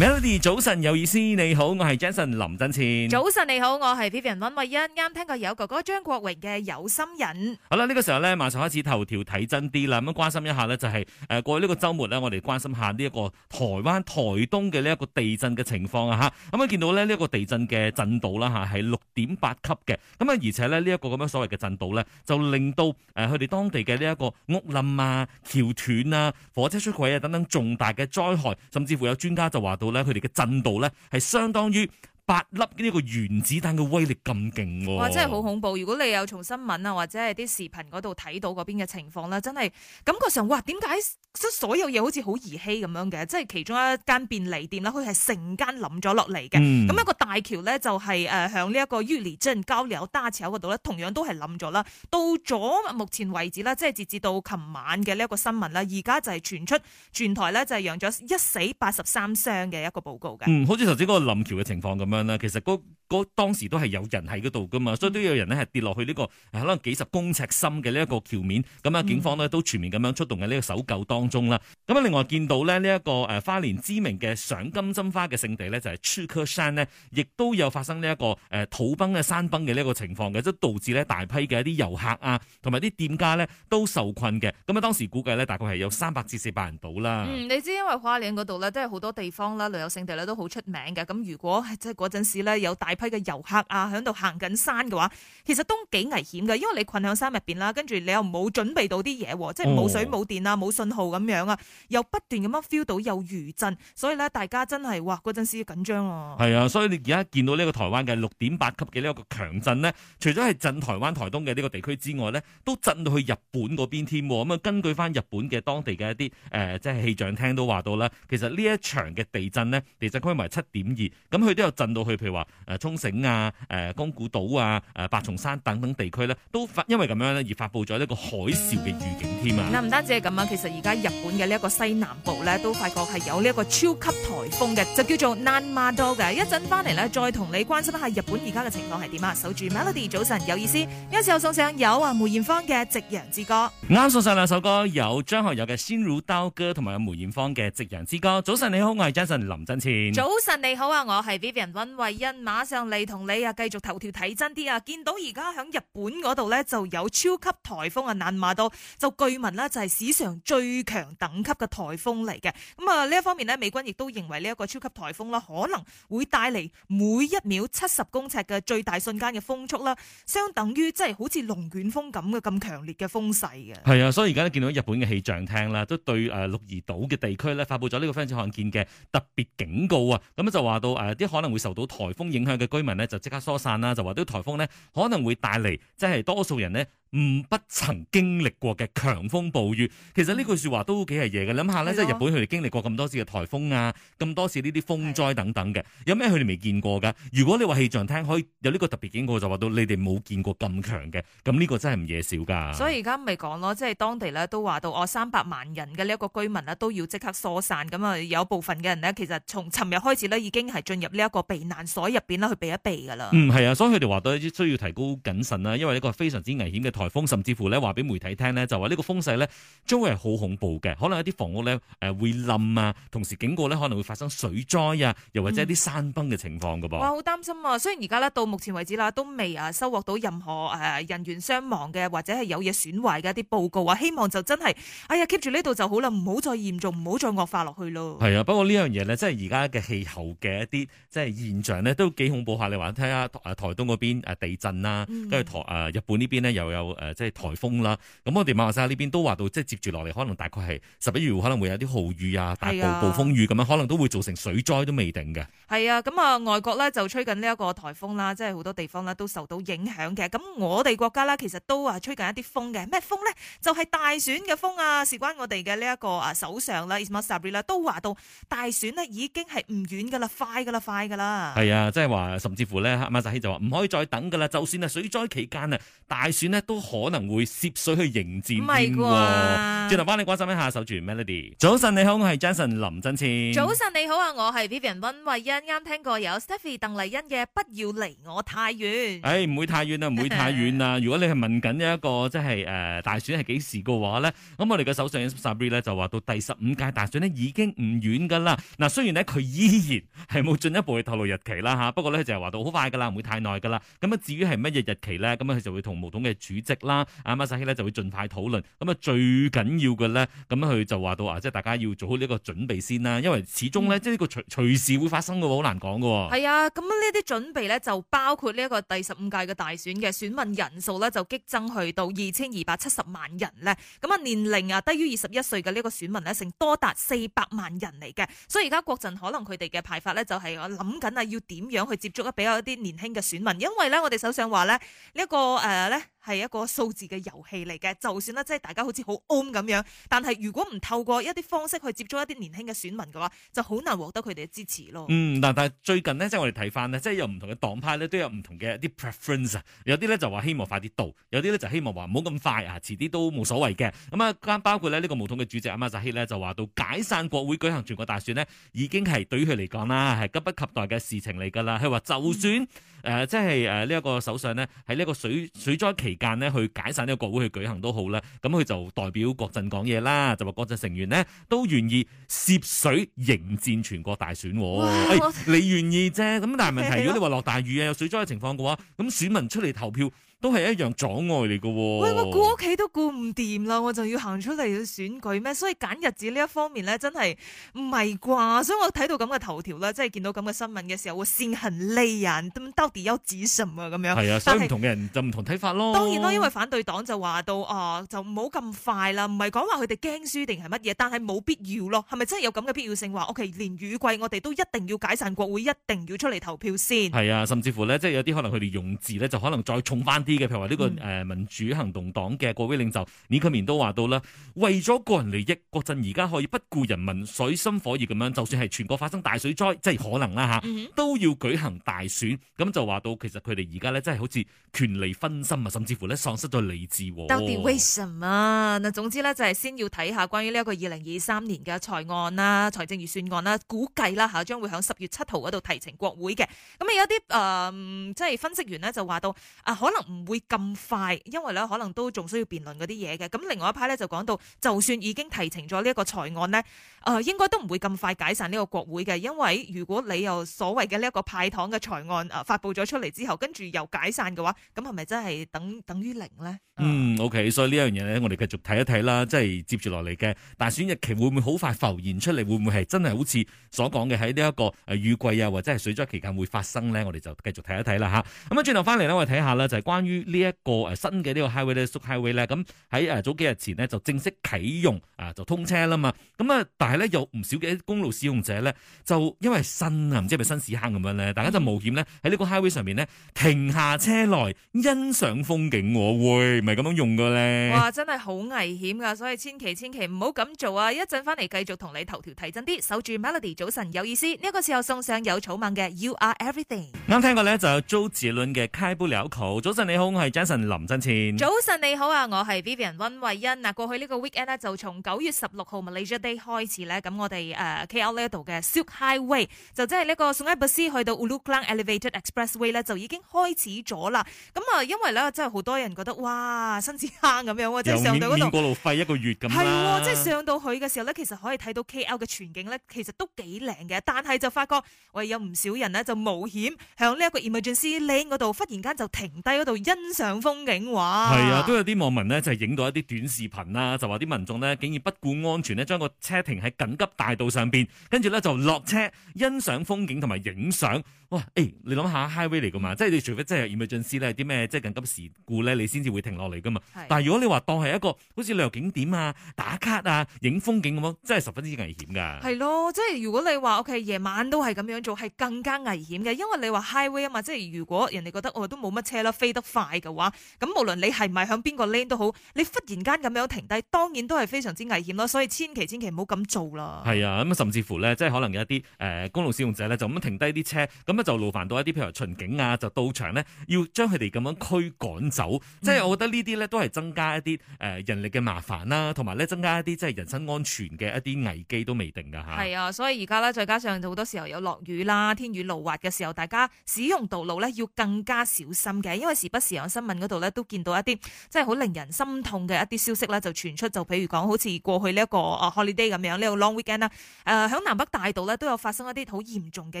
Melody，早晨有意思，你好，我係 Jason 林振倩。早晨你好，我係 Vivian 溫慧欣。啱聽過有哥哥張國榮嘅有心人。好啦，呢、這個時候咧，馬上開始頭條睇真啲啦，咁樣關心一下咧、就是，就係誒過去個呢個週末咧，我哋關心下呢一個台灣台東嘅呢一個地震嘅情況啊吓。咁、嗯、啊見到咧呢一、這個地震嘅震度啦吓，係六點八級嘅。咁啊而且咧呢一、這個咁樣所謂嘅震度咧，就令到誒佢哋當地嘅呢一個屋冧啊、橋斷啊、火車出軌啊等等重大嘅災害，甚至乎有專家就話到。咧，佢哋嘅震度咧，係相當於八粒呢個原子彈嘅威力咁勁喎！哇，真係好恐怖！如果你有從新聞啊或者係啲視頻嗰度睇到嗰邊嘅情況咧，真係感覺上，候，哇！點解即係所有嘢好似好兒戲咁樣嘅？即係其中一間便利店啦，佢係成間冧咗落嚟嘅。咁、嗯、一個大橋咧，就係誒響呢一個玉里交流道嗰度咧，同樣都係冧咗啦。到咗目前為止啦，即係截至到琴晚嘅呢一個新聞啦，而家就係傳出全台咧就係釀咗一死八十三傷嘅一個報告嘅、嗯。好似頭先嗰個冧橋嘅情況咁樣。其實嗰嗰當時都係有人喺嗰度噶嘛，所以都有人呢係跌落去呢、這個可能幾十公尺深嘅呢一個橋面，咁啊，警方呢都全面咁樣出動喺呢個搜救當中啦。咁啊，另外見到咧呢一、這個誒花蓮知名嘅賞金針花嘅聖地呢，就係翠峰山呢亦都有發生呢、這、一個誒、啊、土崩嘅山崩嘅呢個情況嘅，即係導致呢大批嘅一啲遊客啊，同埋啲店家呢都受困嘅。咁啊，當時估計呢，大概係有三百至四百人到啦、嗯。你知道因為花蓮嗰度呢，即係好多地方啦、呃，旅遊勝地呢都好出名嘅。咁如果係即係。就是嗰陣時咧，有大批嘅遊客啊，喺度行緊山嘅話，其實都幾危險嘅，因為你困響山入邊啦，跟住你又冇準備到啲嘢，即係冇水冇電啊，冇信號咁樣啊，又不斷咁樣 feel 到有餘震，所以咧大家真係哇，嗰陣時很緊張喎、啊。係啊，所以你而家見到呢個台灣嘅六點八級嘅呢一個強震呢，除咗係震台灣台東嘅呢個地區之外呢，都震到去日本嗰邊添喎。咁啊，根據翻日本嘅當地嘅一啲誒、呃，即係氣象廳都話到啦，其實呢一場嘅地震呢，地震規模七點二，咁佢都有震。到去譬如話誒沖繩啊誒宮古島啊誒白松山等等地區呢，都發因為咁樣咧而發布咗呢個海嘯嘅預警添啊！嗱、嗯，唔單止係咁啊，其實而家日本嘅呢一個西南部呢，都發覺係有呢一個超級台風嘅，就叫做南馬多嘅。一陣翻嚟呢，再同你關心一下日本而家嘅情況係點啊！守住 Melody，早晨有意思。一次候送上有啊梅艷芳嘅《夕陽之歌》，啱送上兩首歌，有張學友嘅《心如刀割》同埋阿梅艷芳嘅《夕陽之歌》。早晨你好，我係 Jason 林振前。早晨你好啊，我係 Vivian。尹慧欣馬上嚟同你啊，繼續頭條睇真啲啊！見到而家響日本嗰度呢，就有超級台風啊，南瑪都，就據聞呢，就係史上最強等級嘅台風嚟嘅。咁啊呢一方面呢，美軍亦都認為呢一個超級台風啦、呃，可能會帶嚟每一秒七十公尺嘅最大瞬間嘅風速啦，相等於即係好似龍捲風咁嘅咁強烈嘅風勢嘅。係啊，所以而家咧見到日本嘅氣象廳啦，都對誒鹿兒島嘅地區呢，發布咗呢個非常罕見嘅特別警告啊！咁就話到誒，啲可能會受。受到颱風影響嘅居民咧，就即刻疏散啦。就話，啲颱風咧，可能會帶嚟，即係多數人咧。唔不曾經歷過嘅強風暴雨，其實呢句説話都幾係嘢嘅。諗下咧，的即係日本佢哋經歷過咁多次嘅颱風啊，咁多次呢啲風災等等嘅，是的 有咩佢哋未見過㗎？如果你話氣象廳可以有呢個特別警告，就話到你哋冇見過咁強嘅，咁、這、呢個真係唔惹少㗎。所以而家咪講咯，即係當地咧都話到，哦三百萬人嘅呢一個居民呢都要即刻疏散，咁啊有部分嘅人呢，其實從尋日開始呢已經係進入呢一個避難所入邊啦去避一避㗎啦。嗯，係啊，所以佢哋話到需要提高謹慎啦，因為呢個非常之危險嘅。颱風甚至乎咧話俾媒體聽呢，就話呢個風勢呢將會係好恐怖嘅，可能有啲房屋呢誒會冧啊，同時警告呢可能會發生水災啊，又或者一啲山崩嘅情況噶噃。哇，好擔心啊！雖然而家呢到目前為止啦，都未啊收穫到任何誒人員傷亡嘅，或者係有嘢損壞嘅一啲報告啊。希望就真係，哎呀 keep 住呢度就好啦，唔好再嚴重，唔好再惡化落去咯。係啊，不過呢樣嘢呢，即係而家嘅氣候嘅一啲即係現象呢，都幾恐怖下。你話睇下台東嗰邊地震啦，跟住、嗯、台誒、呃、日本呢邊呢，又有。誒、呃，即係台風啦，咁我哋馬來西亞呢邊都話到，即係接住落嚟可能大概係十一月可能會有啲豪雨啊，大暴暴風雨咁樣，可能都會造成水災都未定嘅。係啊，咁、嗯、啊外國咧就吹緊呢一個台風啦，即係好多地方咧都受到影響嘅。咁我哋國家咧其實都話吹緊一啲風嘅，咩風咧？就係、是、大選嘅風啊！事關我哋嘅呢一個啊首相啦，伊斯馬薩瑞啦，都話到大選咧已經係唔遠噶啦，快噶啦，快噶啦。係啊，即係話甚至乎咧，馬薩希就話唔可以再等噶啦，就算係水災期間啊，大選呢都。可能會涉水去迎戰，唔係喎。轉頭翻你關心一下，手住 Melody。早晨你好，我係 j a n s e n 林振千。早晨你好啊，我係 Vivian 溫慧欣。啱聽過有 Stephy 鄧麗欣嘅《不要離我太遠》。誒唔、哎、會太遠啊，唔會太遠啊。 如果你係問緊一個即係誒大選係幾時嘅話咧，咁我哋嘅手上嘅 s u m r y 咧就話到第十五屆大選咧已經唔遠噶啦。嗱，雖然呢，佢依然係冇進一步去透露日期啦嚇，不過咧就係話到好快噶啦，唔會太耐噶啦。咁啊至於係乜嘢日期咧，咁啊佢就會同毛董嘅主啦，阿、啊、馬薩希咧就會盡快討論。咁啊，最緊要嘅咧，咁佢就話到啊，即係大家要做好呢個準備先啦。因為始終咧，嗯、即係呢個隨隨時會發生嘅，好難講嘅。係啊，咁呢啲準備咧就包括呢一個第十五屆嘅大選嘅選民人數咧就激增去到二千二百七十萬人咧。咁啊，年齡啊低於二十一歲嘅呢個選民咧，成多達四百萬人嚟嘅。所以而家國陣可能佢哋嘅派發咧就係我諗緊啊，要點樣去接觸一比較一啲年輕嘅選民，因為咧我哋首相話咧呢一、這個誒咧。呃係一個數字嘅遊戲嚟嘅，就算咧即係大家好似好 on 咁樣，但係如果唔透過一啲方式去接觸一啲年輕嘅選民嘅話，就好難獲得佢哋嘅支持咯。嗯，嗱，但係最近呢，即係我哋睇翻呢，即係有唔同嘅黨派咧，都有唔同嘅一啲 preference，有啲咧就話希望快啲到，有啲咧就希望話唔好咁快啊，遲啲都冇所謂嘅。咁啊，包包括咧呢個巫統嘅主席阿馬扎希呢，就話到解散國會舉行全國大選呢，已經係對於佢嚟講啦，係急不及待嘅事情嚟噶啦。佢話就算、嗯。誒、呃，即係誒呢一個首相咧，喺呢個水水災期間咧，去解散呢個國會去舉行都好啦。咁佢就代表國陣講嘢啦，就話國陣成員咧都願意涉水迎戰全國大選，哦哇哎。你願意啫，咁但係問題，如果你話落大雨啊，有水災嘅情況嘅話，咁選民出嚟投票，都係一樣阻礙嚟嘅，喂，我顧屋企都顧唔掂啦，我就要行出嚟去選舉咩？所以揀日子呢一方面咧，真係唔係啩？所以我睇到咁嘅頭條啦，即係見到咁嘅新聞嘅時候，我先行利人。咁到底有指神啊？咁樣係啊，所以唔同嘅人就唔同睇法咯。當然啦，因為反對黨就話到啊、呃，就唔好咁快啦，唔係講話佢哋驚輸定係乜嘢，但係冇必要咯。係咪真係有咁嘅必要性？話 OK，連雨季我哋都一定要解散國會，一定要出嚟投票先。係啊，甚至乎咧，即係有啲可能佢哋用字咧，就可能再重翻。譬如話呢個誒民主行動黨嘅國會領袖李克勉都話到啦，為咗個人利益，國陣而家可以不顧人民水深火熱咁樣，就算係全國發生大水災，即係可能啦吓，都要舉行大選。咁就話到，其實佢哋而家咧，真係好似權力分心啊，甚至乎咧喪失咗理智。到底為什麼啊？總之咧就係先要睇下關於呢一個二零二三年嘅財案啦、財政預算案啦、估計啦吓，將會響十月七號嗰度提呈國會嘅。咁啊有啲誒，即、呃、係、就是、分析員呢，就話到啊，可能唔。唔會咁快，因為咧可能都仲需要辯論嗰啲嘢嘅。咁另外一派咧就講到，就算已經提請咗呢一個裁案咧。誒、呃、應該都唔會咁快解散呢個國會嘅，因為如果你又所謂嘅呢一個派糖嘅財案誒發布咗出嚟之後，跟住又解散嘅話，咁係咪真係等等於零呢？嗯，嗯，OK，所以呢一樣嘢咧，我哋繼續睇一睇啦，即係接住落嚟嘅大選日期會唔會好快浮現出嚟？會唔會係真係好似所講嘅喺呢一個誒雨季啊，或者係水災期間會發生呢？我哋就繼續睇一睇啦吓，咁啊轉頭翻嚟呢，我哋睇下咧，就係關於呢一個誒新嘅呢個 Highway 咧、mm，縮、hmm. Highway 咧，咁喺誒早幾日前呢，就正式啟用啊，就通車啦嘛。咁啊，係咧，有唔少嘅公路使用者咧，就因為新啊，唔知係咪新屎坑咁樣咧，大家就冒險咧喺呢個 highway 上面咧停下車來欣賞風景。我會唔係咁樣用嘅咧？哇，真係好危險噶，所以千祈千祈唔好咁做啊！一陣翻嚟繼續同你頭條睇真啲，守住 Melody。早晨有意思呢個時候送上有草蜢嘅 You Are Everything。啱聽過咧就有周杰倫嘅《開不了口》。早晨你好，我係 Jason 林振前。早晨你好啊，我係 Vivian 溫慧欣。嗱，過去呢個 weekend 咧就從九月十六號 Malaysia Day 開始。咁我哋誒 K.L. 呢一度嘅 SUKE Highway 就即係呢個 Sungai Besi 去到 Ulu Klang Elevated Expressway 咧，就已經開始咗啦。咁啊因為咧真係好多人覺得哇，新市坑咁樣，免即係上到嗰度。過路費一個月咁樣，係、哦，即係上到去嘅時候咧，其實可以睇到 K.L. 嘅全景咧，其實都幾靚嘅。但係就發覺喂，有唔少人咧就冒險向呢一個 emergency lane 嗰度，忽然間就停低嗰度欣賞風景。哇！係啊，都有啲網民咧就係、是、影到一啲短視頻啦，就話啲民眾咧竟然不顧安全咧，將個車停喺。緊急大道上邊，跟住咧就落車欣賞風景同埋影相。哇！誒、欸，你諗下 highway 嚟噶嘛？即係你除非真係有意外進失咧，啲咩即係緊急事故咧，你先至會停落嚟噶嘛？是但係如果你話當係一個好似旅遊景點啊、打卡啊、影風景咁樣，真係十分之危險㗎。係咯，即係如果你話 OK 夜晚都係咁樣做，係更加危險嘅，因為你話 highway 啊嘛，即係如果人哋覺得我、哦、都冇乜車啦，飛得快嘅話，咁無論你係唔係向邊個 lane 都好，你忽然間咁樣停低，當然都係非常之危險咯。所以千祈千祈唔好咁做啦。係啊，咁甚至乎咧，即係可能有一啲誒、呃、公路使用者咧，就咁樣停低啲車咁。就勞煩到一啲譬如巡警啊，就到場咧，要將佢哋咁樣驅趕走，即係、嗯、我覺得這些呢啲咧都係增加一啲誒、呃、人力嘅麻煩啦、啊，同埋咧增加一啲即係人身安全嘅一啲危機都未定噶吓，係啊，所以而家咧再加上好多時候有落雨啦，天雨路滑嘅時候，大家使用道路咧要更加小心嘅，因為時不時有新聞嗰度咧都見到一啲即係好令人心痛嘅一啲消息啦，就傳出就譬如講好似過去呢一個 holiday 咁樣呢、這個 long weekend 啦、呃，誒響南北大道咧都有發生一啲好嚴重嘅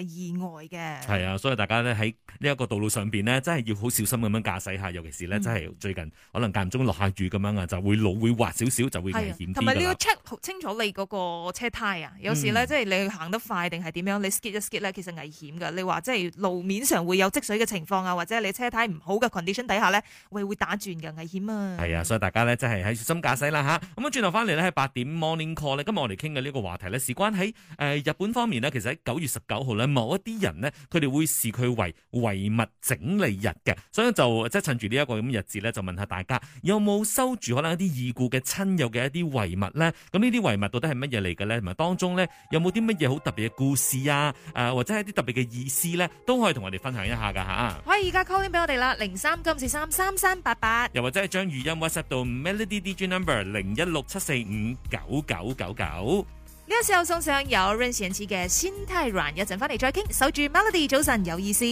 意外嘅。係啊，所以大家咧喺呢一個道路上邊咧，真係要好小心咁樣駕駛嚇。尤其是咧，真係最近、嗯、可能間唔中落下雨咁樣啊，就會路會滑少少，就會危險。同埋你要 check 好清楚你嗰個車胎啊。有時呢、嗯、即係你行得快定係點樣，你 skid 一 skid 咧，其實危險㗎。你話即係路面上會有積水嘅情況啊，或者你車胎唔好嘅 condition 底下呢，會會打轉㗎，危險啊。係啊，所以大家呢，真係小心駕駛啦嚇。咁樣轉頭翻嚟呢，喺八點 morning call。今日我哋傾嘅呢個話題呢，事關喺誒日本方面呢，其實喺九月十九號呢，某一啲人呢。我哋會視佢為遺物整理日嘅，所以就即係趁住呢一個咁嘅日子咧，就問下大家有冇收住可能一啲已故嘅親友嘅一啲遺物咧？咁呢啲遺物到底係乜嘢嚟嘅咧？同埋當中咧有冇啲乜嘢好特別嘅故事啊？誒、呃，或者係一啲特別嘅意思咧，都可以同我哋分享一下噶吓。啊、可以而家 call in 俾我哋啦，零三今次三三三八八，又或者係將語音 WhatsApp 到 Melody DJ number 零一六七四五九九九九。呢個時候送上有 r i n 先生賜嘅仙太軟，一陣翻嚟再傾。守住 Melody，早晨有意思。